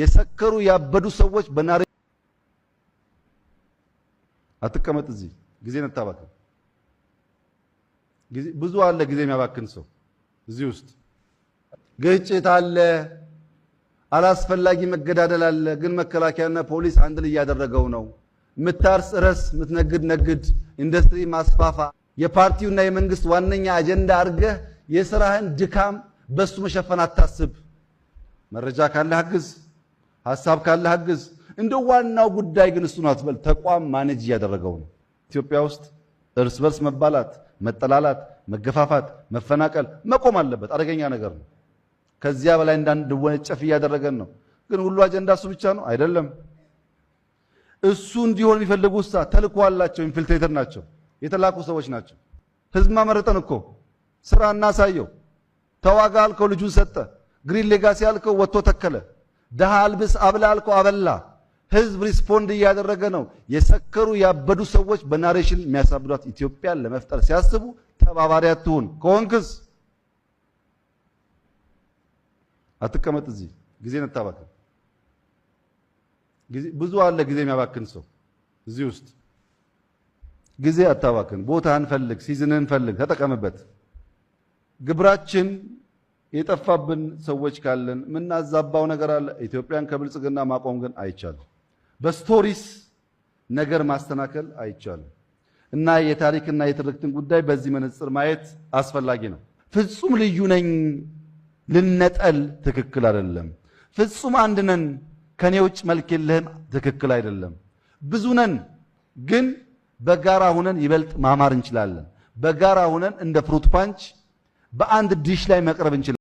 የሰከሩ ያበዱ ሰዎች በናሪ አትቀመጥ። እዚህ ጊዜ ነታባክን ብዙ አለ። ጊዜ የሚያባክን ሰው እዚህ ውስጥ ግጭት አለ፣ አላስፈላጊ መገዳደል አለ። ግን መከላከያና ፖሊስ አንድ ላይ እያደረገው ነው። ምታርስ እረስ፣ ምትነግድ ነግድ። ኢንዱስትሪ ማስፋፋ የፓርቲውና የመንግስት ዋነኛ አጀንዳ አድርገህ የስራህን ድካም በሱ መሸፈን አታስብ። መረጃ ካለ አግዝ። ሀሳብ ካለ አግዝ። እንደ ዋናው ጉዳይ ግን እሱን አትበል። ተቋም ማኔጅ እያደረገው ነው። ኢትዮጵያ ውስጥ እርስ በርስ መባላት፣ መጠላላት፣ መገፋፋት፣ መፈናቀል መቆም አለበት። አደገኛ ነገር ነው። ከዚያ በላይ እንዳንድወነጨፍ እያደረገን ነው። ግን ሁሉ አጀንዳ እሱ ብቻ ነው አይደለም። እሱ እንዲሆን የሚፈልጉ ውሳ ተልኮ አላቸው። ኢንፊልትሬተር ናቸው፣ የተላኩ ሰዎች ናቸው። ህዝብ መረጠን እኮ ስራ እናሳየው። ተዋጋ አልከው ልጁን ሰጠ። ግሪን ሌጋሲ አልከው ወጥቶ ተከለ። ድሃ አልብስ አብላ አልኮ አበላ። ህዝብ ሪስፖንድ እያደረገ ነው። የሰከሩ ያበዱ ሰዎች በናሬሽን የሚያሳብዷት ኢትዮጵያን ለመፍጠር ሲያስቡ ተባባሪ አትሁን። ከሆንክስ አትቀመጥ እዚህ ጊዜ ነታባክን። ብዙ አለ ጊዜ የሚያባክን ሰው እዚህ ውስጥ። ጊዜ አታባክን። ቦታ ፈልግ፣ ሲዝን ፈልግ፣ ተጠቀምበት። ግብራችን የጠፋብን ሰዎች ካለን የምናዛባው ነገር አለ። ኢትዮጵያን ከብልጽግና ማቆም ግን አይቻልም። በስቶሪስ ነገር ማስተናከል አይቻልም እና የታሪክና የትርክትን ጉዳይ በዚህ መነጽር ማየት አስፈላጊ ነው። ፍጹም ልዩ ነኝ ልነጠል ትክክል አይደለም። ፍጹም አንድ ነን ከኔ ውጭ መልክ የለህም ትክክል አይደለም። ብዙ ነን ግን በጋራ ሁነን ይበልጥ ማማር እንችላለን። በጋራ ሁነን እንደ ፍሩት ፓንች በአንድ ዲሽ ላይ መቅረብ እንችላለን።